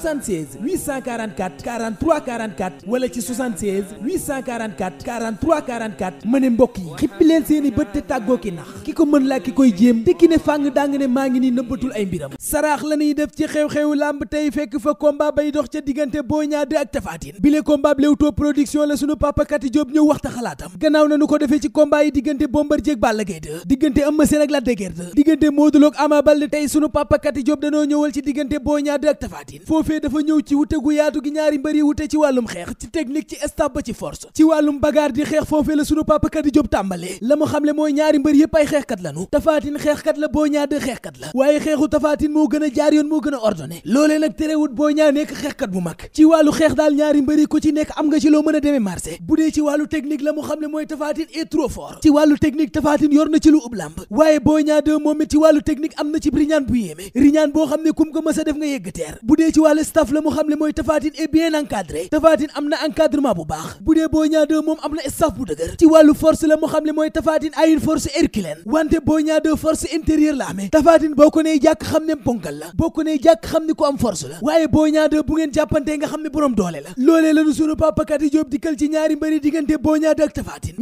76 844 43 44 wala ci 76 844 43 44 ma ne mbokk yi xippi leen seeni bët te tàggoo ki nax ki ko mën laa ki koy jéem te ki ne fàng daa nga ne maa ngi nii nëbbatul ay mbiram saraax la ñuy def ci xew-xewu làmb tey fekk fa combat bay dox ca diggante Boy Niang 2 ak Tapha Tine bile combat Leewtoo production la sunu papa Kati ñëw waxta xalaatam gannaaw na nu ko defee ci combat yi diggante Bombardier ak Balla Gaye 2 diggante Eumeu Sène ak Lac de Guiers 2 diggante Modou Lo ak Ama Baldé tey diggante Boy Niang 2 ak defee dafa ñëw ci wute gu yaatu gi ñaari mbëri yi wute ci wàllum xeex ci technique ci staff ba ci force ci wàllum bagaar di xeex foofee la sunu papa Kady Diop tàmbalee la mu xamle mooy ñaari mbër yépp ay xeexkat lanu tafaatin xeexkat la boo ñaa de la waaye xeexu tafaatin moo gën a jaar yoon moo gën a ordonné loolee nag terewut boo ñaa nekk xeexkat bu mag ci wàllu xeex daal ñaari mbër ko ci nekk am nga ci loo mën a demee marché bu dee ci wàllu technique la mu xamle mooy tafaatin est trop fort ci wàllu technique tafaatin yor na ci lu ub làmb waaye boo ñaa de moom it ci wàllu technique am na ci riñaan bu yéeme riñaan a def nga yegg le staff la mu xam le mooy Tapha Tine est bien encadré Tapha Tine am na encadrement bu baax bu dee Boy moom am na staff bu dëgër ci wàllu force la mu xam le mooy Tapha Tine a une force herculéenne wante Boy Niang 2 force intérieure la amee Tapha Tine boo ko nee jàkk xam ne ponkal la boo ko nee jàkk xam ne ku am force la waaye Boy bu ngeen jàppantee nga xam ne boroom doole la loolee lañu sunu Papa Kati dikkal ci ñaari mbëri diggante Boy ak Tapha Tine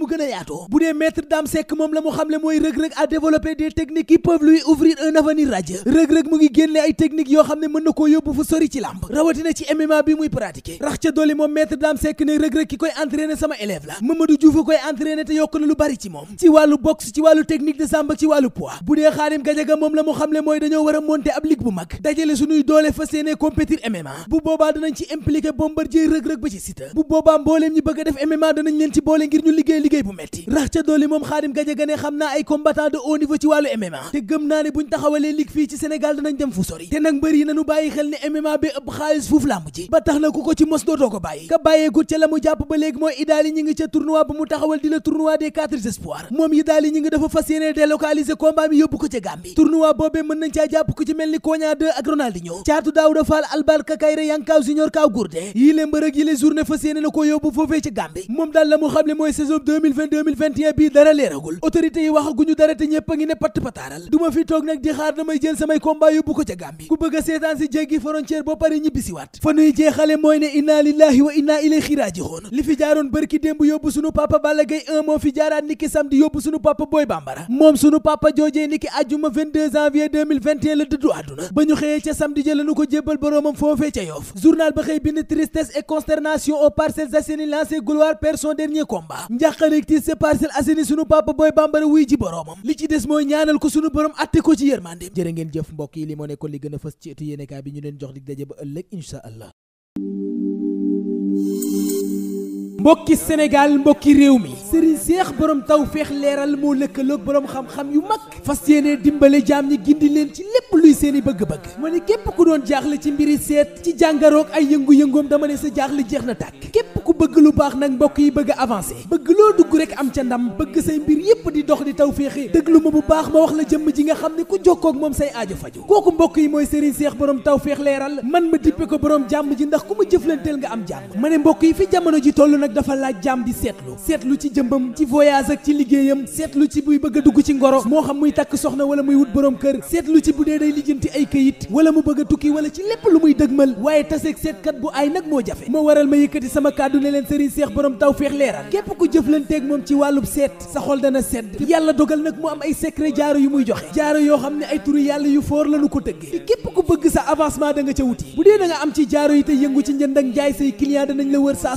mu gën a ko bu dee metre Dame Seck moom la mu xamle mooy rëg-rëg mu ngi génne ay techniques yoo xam ne mën na ko yóbbu fu sori ci làmb rawatina ci MMA bi muy pratiquer rax ca dolli moom maître Dame Seck ne rëg-rëg ki koy entraîner sama élève la Mamadou Diouf a koy entraîner te yokk na lu bari ci moom ci wàllu boxe ci wàllu technique de samba ci wàllu poids bu dee Xaadim Gajaga moom la mu xamle mooy dañoo war a monter ab ligue bu mag dajale suñuy doole fas yéene compétir MMA bu boobaa danañ ci impliqué Bombardier rëg-rëg ba ci Siteu bu boobaa bu metti rax ca doole moom Khadim Gadiaga ne xam naa ay combattant de haut ci wàllu MMA te gëm naa ne buñ taxawalee ligue fii ci Sénégal danañ dem fu sori te nag mbër yi nañu bàyyi xel ne MMA bi ëpp xaalis fuuf làmb ji ba tax na ku ko ci mos dootoo ko bàyyi ka bàyyeegut ca la mu jàpp ba léegi mooy idaali ñi ngi ca tournoi ba mu taxawal di la tournoi des quatre espoirs moom idaali ñi ngi dafa fas yéene délocaliser combat mi yóbbu ko ca Gambie tournoi ni Koña bii dara leeragul autorité yi waxaguñu dara te ñépp a ngi ne patt pataaral du ma fi toog nag di xaar damay jël samay combat yóbbu ko ca Gàmbi ku bëgg seetaan si jéggi frontière boo pare ñibbisiwaat fa nuy jeexale mooy ne inna lillahi wa inna ilayhi raaji'uun li fi jaaroon bërki démb yóbbu sunu papa Balla Gaye 1 fi jaaraat niki samedi yóbbu sunu papa Boy Bambara moom sunu papa joojee niki ajjuma janvier la dëddu àdduna ba ñu xëyee Parcelles Assainies sunu papa booy bambara wuy ji boroomam li ci des mooy ñaanal ko sunu borom atte ko ci yërmandeem jërë ngeen jëf mbokk li moo nekkoon li gën a fës ci ëttu yéenekaay bi ñu leen jox dig daje ba ëllëg incha allah mbokki Sénégal mbokki réew mi sëriñ seex borom tawféex leeral moo lëkkaloog borom xam-xam yu mag fas yéene dimbale jaam ñi gindi leen ci lépp luy seeni bëgg-bëgg ma ne képp ku doon jaaxle ci mbiri seet ci jàngaroog ay yëngu-yëngoom dama ne sa jaaxle jeex na tàkk képp ku bëgg lu baax nag mbokk yi bëgg a avancé bëgg loo dugg rek am ca ndam bëgg say mbir yépp di dox di tawféexe déglu ma bu baax ma wax la jëm ji nga xam ne ku jokkoo ak moom say aajo faju kooku mbokk yi mooy sëriñ seex borom tawféex leeral man ma dippe ko borom jàmm ji ndax ku ma jëflanteel nga am mbokk yi fi jamono ji tollu nag dafa laaj jaam di seetlu seetlu ci jëmbam ci voyage ak ci liggéeyam seetlu ci buy bëgg dugg ci ngoro moo xam muy takk soxna wala muy wut borom kër seetlu ci bu dee day lijjanti ay kayit wala mu bëgg tukki wala ci lépp lu muy dëgmal waaye taseeg seetkat bu ay nag moo jafe ma waral ma yëkkati sama kàddu ne leen sëriñ seex borom taw feex leeral képp ku jëflanteeg moom ci wàllub seet sa xol dana sedd yàlla dogal nag mu am ay secret jaaro yu muy joxe jaaro yoo xam ne ay turu yàlla yu foor lanu ko tëggee képp ku bëgg sa avancement da nga ca wuti bu dee da nga am ci jaaro yi te yëngu ci njënd ak jaay say client danañ la wër saa